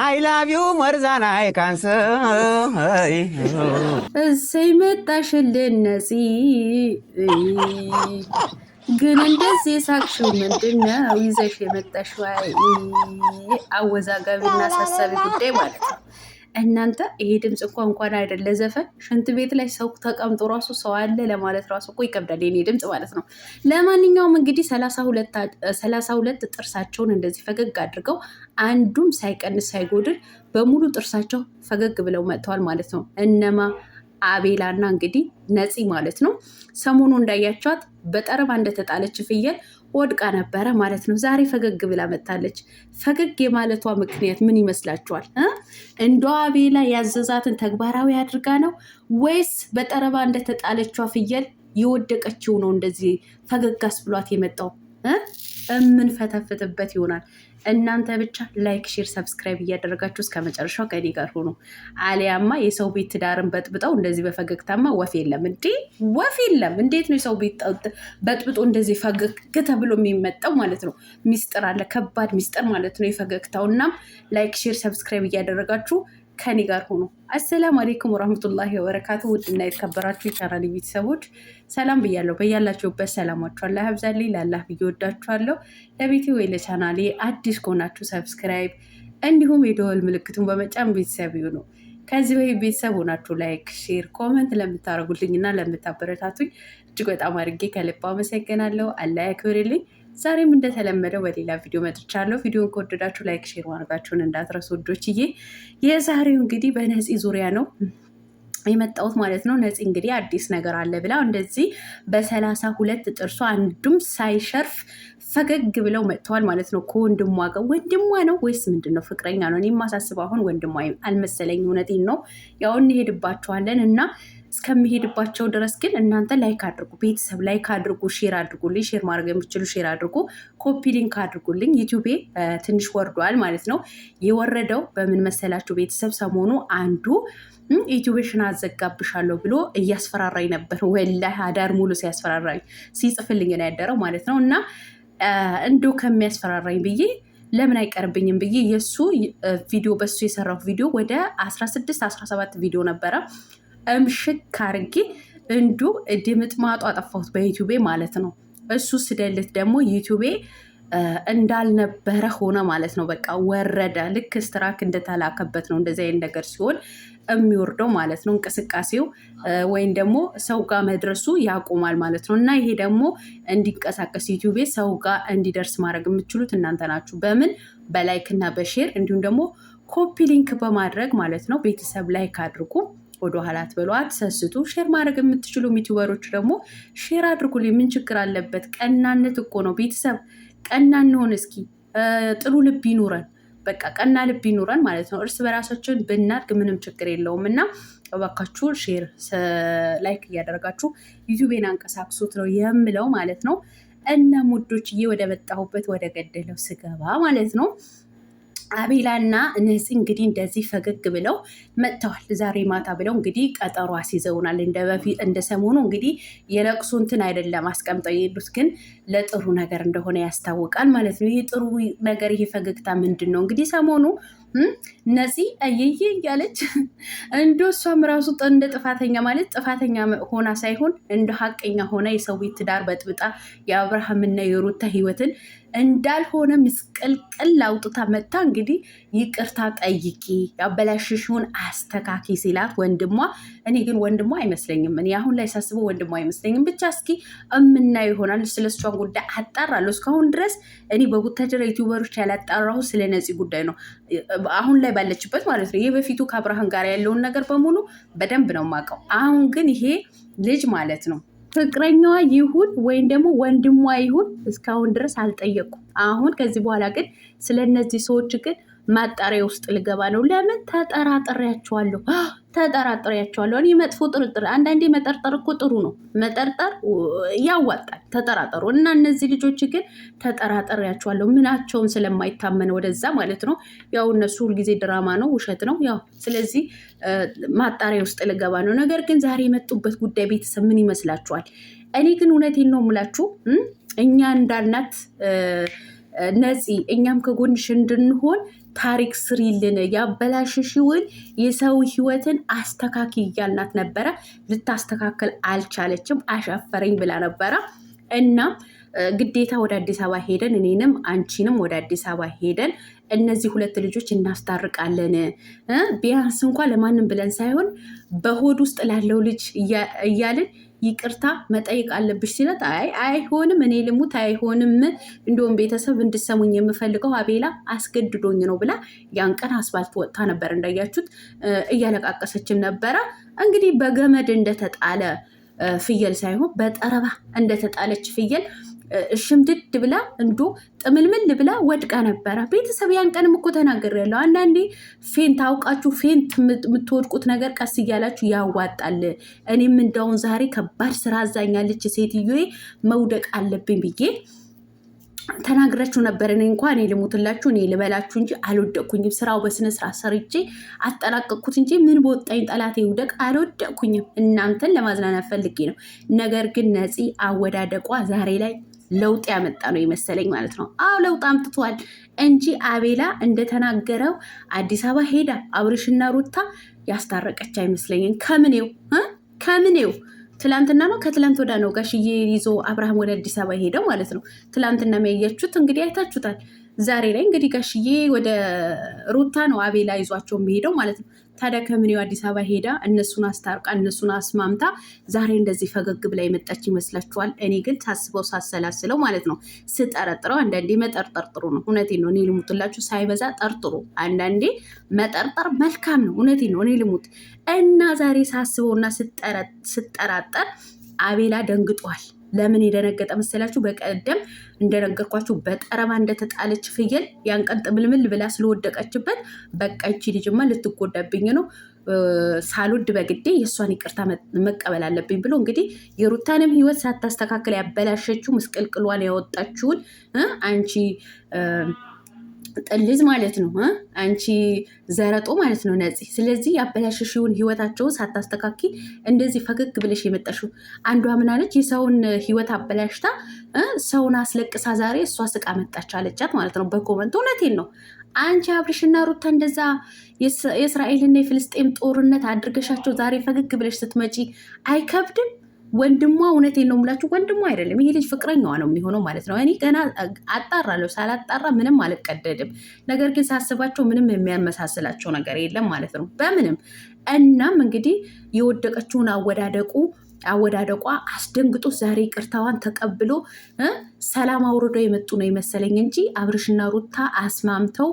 አይ ላቭ ዩ መርዛን አይ ካንሰር እሰይ መጣሽልን ነፂ። ግን እንደዚህ የሳቅሽው ምንድን ነው? ይዘሽ የመጣሽው አወዛጋቢና አሳሳቢ ጉዳይ ማለት ነው። እናንተ ይሄ ድምፅ እንኳ እንኳን አይደለ ዘፈን ሽንት ቤት ላይ ሰው ተቀምጦ ራሱ ሰው አለ ለማለት ራሱ እኮ ይከብዳል፣ የኔ ድምፅ ማለት ነው። ለማንኛውም እንግዲህ ሰላሳ ሁለት ጥርሳቸውን እንደዚህ ፈገግ አድርገው አንዱም ሳይቀንስ ሳይጎድል በሙሉ ጥርሳቸው ፈገግ ብለው መጥተዋል ማለት ነው። እነማ አቤላና እንግዲህ ነፂ ማለት ነው። ሰሞኑ እንዳያቸዋት በጠረባ እንደተጣለች ፍየል ወድቃ ነበረ ማለት ነው። ዛሬ ፈገግ ብላ መታለች። ፈገግ የማለቷ ምክንያት ምን ይመስላችኋል? እንደ ቤላ ያዘዛትን ተግባራዊ አድርጋ ነው ወይስ በጠረባ እንደተጣለችዋ ፍየል የወደቀችው ነው እንደዚህ ፈገግ አስብሏት የመጣው? የምንፈተፍትበት ይሆናል። እናንተ ብቻ ላይክ፣ ሼር፣ ሰብስክራይብ እያደረጋችሁ እስከ መጨረሻው ከኔ ጋር ሆኖ አሊያማ የሰው ቤት ትዳርን በጥብጠው እንደዚህ በፈገግታማ ወፍ የለም እንዴ! ወፍ የለም። እንዴት ነው የሰው ቤት በጥብጦ እንደዚህ ፈገግ ተብሎ የሚመጣው ማለት ነው? ሚስጥር አለ፣ ከባድ ሚስጥር ማለት ነው የፈገግታው። እናም ላይክ፣ ሼር፣ ሰብስክራይብ እያደረጋችሁ ከኔ ጋር ሆኖ። አሰላሙ አሌይኩም ወራህመቱላሂ ወበረካቱ። ውድና የተከበራችሁ የቻናል ቤተሰቦች ሰላም ብያለሁ። በያላችሁበት ሰላማችሁ አላህ ያብዛልኝ። ላላህ ብዬ ወዳችኋለሁ። ለቤቴ ወይ ለቻናሌ አዲስ ከሆናችሁ ሰብስክራይብ፣ እንዲሁም የደወል ምልክቱን በመጫን ቤተሰብ ይሁኑ። ከዚህ ወይ ቤተሰብ ሆናችሁ ላይክ፣ ሼር፣ ኮመንት ለምታደርጉልኝ እና ለምታበረታቱኝ እጅግ በጣም አድርጌ ከልብ አመሰግናለሁ። አላህ ያክብርልኝ። ዛሬም እንደተለመደው በሌላ ቪዲዮ መጥቻለሁ። ቪዲዮን ከወደዳችሁ ላይክ፣ ሼር ማድረጋችሁን እንዳትረሱ ወዶችዬ። የዛሬው እንግዲህ በነፂ ዙሪያ ነው የመጣሁት ማለት ነው። ነፂ እንግዲህ አዲስ ነገር አለ ብላ እንደዚህ በሰላሳ ሁለት ጥርሶ አንዱም ሳይሸርፍ ፈገግ ብለው መጥተዋል ማለት ነው። ከወንድሟ ጋር ወንድሟ ነው ወይስ ምንድን ነው? ፍቅረኛ ነው። እኔ የማሳስበው አሁን ወንድሟ አልመሰለኝ። እውነቴን ነው። ያው እንሄድባቸዋለን እና እስከሚሄድባቸው ድረስ ግን እናንተ ላይክ አድርጉ፣ ቤተሰብ ላይክ አድርጉ፣ ሼር አድርጉልኝ። ሼር ማድረግ የምችሉ ሼር አድርጉ፣ ኮፒ ሊንክ አድርጉልኝ። ዩቲዩቤ ትንሽ ወርዷል ማለት ነው። የወረደው በምን መሰላችሁ ቤተሰብ? ሰሞኑ አንዱ ኢትዮቤሽን አዘጋብሻለሁ ብሎ እያስፈራራኝ ነበር። ወላሂ አዳር ሙሉ ሲያስፈራራኝ ሲጽፍልኝ ነው ያደረው ማለት ነው እና እንዶ ከሚያስፈራራኝ ብዬ ለምን አይቀርብኝም ብዬ የእሱ ቪዲዮ በሱ የሰራው ቪዲዮ ወደ 16 17 ቪዲዮ ነበረ እምሽክ አርጌ እንዱ ድምጥማጡ አጠፋሁት በዩቲዩቤ ማለት ነው። እሱ ስደልት ደግሞ ዩቲዩቤ እንዳልነበረ ሆነ ማለት ነው። በቃ ወረደ። ልክ ስትራክ እንደተላከበት ነው። እንደዚህ አይነት ነገር ሲሆን የሚወርደው ማለት ነው። እንቅስቃሴው ወይም ደግሞ ሰው ጋር መድረሱ ያቆማል ማለት ነው። እና ይሄ ደግሞ እንዲንቀሳቀስ ዩቲዩቤ ሰው ጋር እንዲደርስ ማድረግ የምችሉት እናንተ ናችሁ። በምን በላይክ እና በሼር እንዲሁም ደግሞ ኮፒ ሊንክ በማድረግ ማለት ነው። ቤተሰብ ላይክ አድርጉ። ወደ ኋላ አትበሉ፣ አትሰስቱ። ሼር ማድረግ የምትችሉ ዩቲዩበሮች ደግሞ ሼር አድርጉልኝ። ምን ችግር አለበት? ቀናነት እኮ ነው። ቤተሰብ ቀና እንሆን እስኪ። ጥሩ ልብ ይኑረን፣ በቃ ቀና ልብ ይኑረን ማለት ነው። እርስ በራሳችን ብናድግ ምንም ችግር የለውም እና እባካችሁ ሼር፣ ላይክ እያደረጋችሁ ዩቲዩቤን አንቀሳቅሱት ነው የምለው ማለት ነው። እና ሙዶችዬ ወደ መጣሁበት ወደ ገደለው ስገባ ማለት ነው አቤላና ንህፂ እንግዲህ እንደዚህ ፈገግ ብለው መጥተዋል። ዛሬ ማታ ብለው እንግዲህ ቀጠሮ አስይዘውናል። እንደ ሰሞኑ እንግዲህ የለቅሶ እንትን አይደለም አስቀምጠው የሄዱት ግን ለጥሩ ነገር እንደሆነ ያስታውቃል ማለት ነው። ይሄ ጥሩ ነገር ይሄ ፈገግታ ምንድን ነው እንግዲህ ሰሞኑ እነዚህ እየዬ እያለች እንዶ እሷም ራሱ እንደ ጥፋተኛ ማለት ጥፋተኛ ሆና ሳይሆን እንደ ሀቀኛ ሆና የሰው ትዳር በጥብጣ የአብርሃምና የሩታ ህይወትን እንዳልሆነ ምስቅልቅል አውጥታ መታ። እንግዲህ ይቅርታ ጠይቂ፣ ያበላሽሽውን አስተካኪ ሲላት ወንድሟ፣ እኔ ግን ወንድሟ አይመስለኝም። እኔ አሁን ላይ ሳስበው ወንድሟ አይመስለኝም። ብቻ እስኪ እምናየው ይሆናል። ስለ እሷን ጉዳይ አጣራለሁ። እስካሁን ድረስ እኔ በቡታጀራ ዩቲዩበሮች ያላጣራሁ ስለ ነፂ ጉዳይ ነው። አሁን ላይ ባለችበት ማለት ነው። ይህ በፊቱ ከአብርሃም ጋር ያለውን ነገር በሙሉ በደንብ ነው የማውቀው። አሁን ግን ይሄ ልጅ ማለት ነው ፍቅረኛዋ ይሁን ወይም ደግሞ ወንድሟ ይሁን እስካሁን ድረስ አልጠየቁም። አሁን ከዚህ በኋላ ግን ስለነዚህ ሰዎች ግን ማጣሪያ ውስጥ ልገባ ነው። ለምን ተጠራጥሬያቸዋለሁ፣ ተጠራጥሬያቸዋለሁ። እኔ መጥፎ ጥርጥር አንዳንዴ መጠርጠር እኮ ጥሩ ነው። መጠርጠር ያዋጣል። ተጠራጠሩ እና እነዚህ ልጆች ግን ተጠራጥሬያቸዋለሁ፣ ምናቸውም ስለማይታመን ወደዛ ማለት ነው። ያው እነሱ ሁልጊዜ ድራማ ነው፣ ውሸት ነው። ያው ስለዚህ ማጣሪያ ውስጥ ልገባ ነው። ነገር ግን ዛሬ የመጡበት ጉዳይ ቤተሰብ ምን ይመስላችኋል? እኔ ግን እውነቴን ነው የምላችሁ እኛ እንዳልናት ነፂ እኛም ከጎንሽ እንድንሆን ታሪክ ስሪልን፣ ያበላሽሽውን የሰው ህይወትን አስተካኪ እያልናት ነበረ። ልታስተካከል አልቻለችም፣ አሻፈረኝ ብላ ነበረ። እናም ግዴታ ወደ አዲስ አበባ ሄደን እኔንም አንቺንም ወደ አዲስ አበባ ሄደን እነዚህ ሁለት ልጆች እናስታርቃለን። ቢያንስ እንኳን ለማንም ብለን ሳይሆን በሆድ ውስጥ ላለው ልጅ እያልን ይቅርታ መጠየቅ አለብሽ ሲለት አይ አይሆንም፣ እኔ ልሙት አይሆንም፣ እንደውም ቤተሰብ እንድሰሙኝ የምፈልገው አቤላ አስገድዶኝ ነው ብላ ያን ቀን አስፋልት ወጥታ ነበር እንዳያችሁት፣ እያለቃቀሰችም ነበረ። እንግዲህ በገመድ እንደተጣለ ፍየል ሳይሆን በጠረባ እንደተጣለች ፍየል ሽምድድ ብላ እንዶ ጥምልምል ብላ ወድቃ ነበረ። ቤተሰብ ያን ቀንም እኮ ያለው አንዳንዴ ፌንት አውቃችሁ ፌንት የምትወድቁት ነገር ቀስ እያላችሁ ያዋጣል። እኔም እንዳሁን ዛሬ ከባድ ስራ አዛኛለች ሴትዮ መውደቅ አለብኝ ብዬ ተናግራችሁ ነበር። እኔ እንኳ እኔ ልሙትላችሁ እኔ ልበላችሁ እንጂ አልወደቅኩኝም። ስራው በስነ ስርዓት ሰርቼ አጠናቀቅኩት እንጂ ምን በወጣኝ ጠላት ይውደቅ አልወደቅኩኝም። እናንተን ለማዝናናት ፈልጌ ነው። ነገር ግን ነፂ አወዳደቋ ዛሬ ላይ ለውጥ ያመጣ ነው የመሰለኝ ማለት ነው። አዎ ለውጥ አምጥቷል እንጂ አቤላ እንደተናገረው አዲስ አበባ ሄዳ አብርሽና ሩታ ያስታረቀች አይመስለኝም። ከምኔው ከምኔው ትላንትና ነው ከትላንት ወዳ ነው ጋሽዬ ይዞ አብርሃም ወደ አዲስ አበባ ሄደው ማለት ነው። ትላንትና የሚያያችሁት እንግዲህ አይታችሁታል። ዛሬ ላይ እንግዲህ ጋሽዬ ወደ ሩታ ነው አቤላ ይዟቸው የሚሄደው ማለት ነው። ታዲያ ከምኔው አዲስ አበባ ሄዳ እነሱን አስታርቃ እነሱን አስማምታ ዛሬ እንደዚህ ፈገግ ብላ የመጣች ይመስላችኋል? እኔ ግን ሳስበው ሳሰላስለው ማለት ነው ስጠረጥረው፣ አንዳንዴ መጠርጠር ጥሩ ነው። እውነቴን ነው። እኔ ልሙትላችሁ፣ ሳይበዛ ጠርጥሩ። አንዳንዴ መጠርጠር መልካም ነው። እውነቴን ነው። እኔ ልሙት እና ዛሬ ሳስበውና ስጠራጠር አቤላ ደንግጧል። ለምን የደነገጠ መሰላችሁ? በቀደም እንደነገርኳችሁ በጠረባ እንደተጣለች ፍየል ያን ቀን ጥምልምል ብላ ስለወደቀችበት በቃ ይቺ ልጅማ ልትጎዳብኝ ነው ሳልወድ በግዴ የእሷን ይቅርታ መቀበል አለብኝ ብሎ እንግዲህ የሩታንም ሕይወት ሳታስተካከል ያበላሸችው ምስቅልቅሏን ያወጣችውን አንቺ ጥልዝ ማለት ነው። አንቺ ዘረጦ ማለት ነው ነፂ። ስለዚህ ያበላሸሽውን ህይወታቸውን ሳታስተካኪ እንደዚህ ፈገግ ብለሽ የመጣሽው አንዷ ምናለች የሰውን ህይወት አበላሽታ ሰውን አስለቅሳ ዛሬ እሷ ስቃ መጣች አለቻት ማለት ነው በኮመንት። እውነቴን ነው። አንቺ አብርሽና ሩታ እንደዛ የእስራኤልና የፍልስጤም ጦርነት አድርገሻቸው ዛሬ ፈገግ ብለሽ ስትመጪ አይከብድም? ወንድሟ እውነቴን ነው የምላችሁ፣ ወንድሟ አይደለም ይሄ ልጅ ፍቅረኛዋ ነው የሚሆነው ማለት ነው። እኔ ገና አጣራለሁ። ሳላጣራ ምንም አልቀደድም። ነገር ግን ሳስባቸው ምንም የሚያመሳስላቸው ነገር የለም ማለት ነው በምንም እናም እንግዲህ የወደቀችውን አወዳደቁ አወዳደቋ አስደንግጦ ዛሬ ቅርታዋን ተቀብሎ ሰላም አውርዶ የመጡ ነው የመሰለኝ እንጂ አብርሽና ሩታ አስማምተው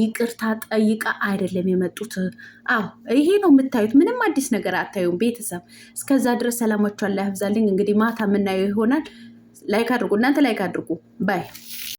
ይቅርታ ጠይቃ አይደለም የመጡት። አዎ ይሄ ነው የምታዩት። ምንም አዲስ ነገር አታዩም ቤተሰብ። እስከዛ ድረስ ሰላማችኋን ላይ ያብዛልኝ። እንግዲህ ማታ የምናየው ይሆናል። ላይክ አድርጉ እናንተ ላይክ አድርጉ ባይ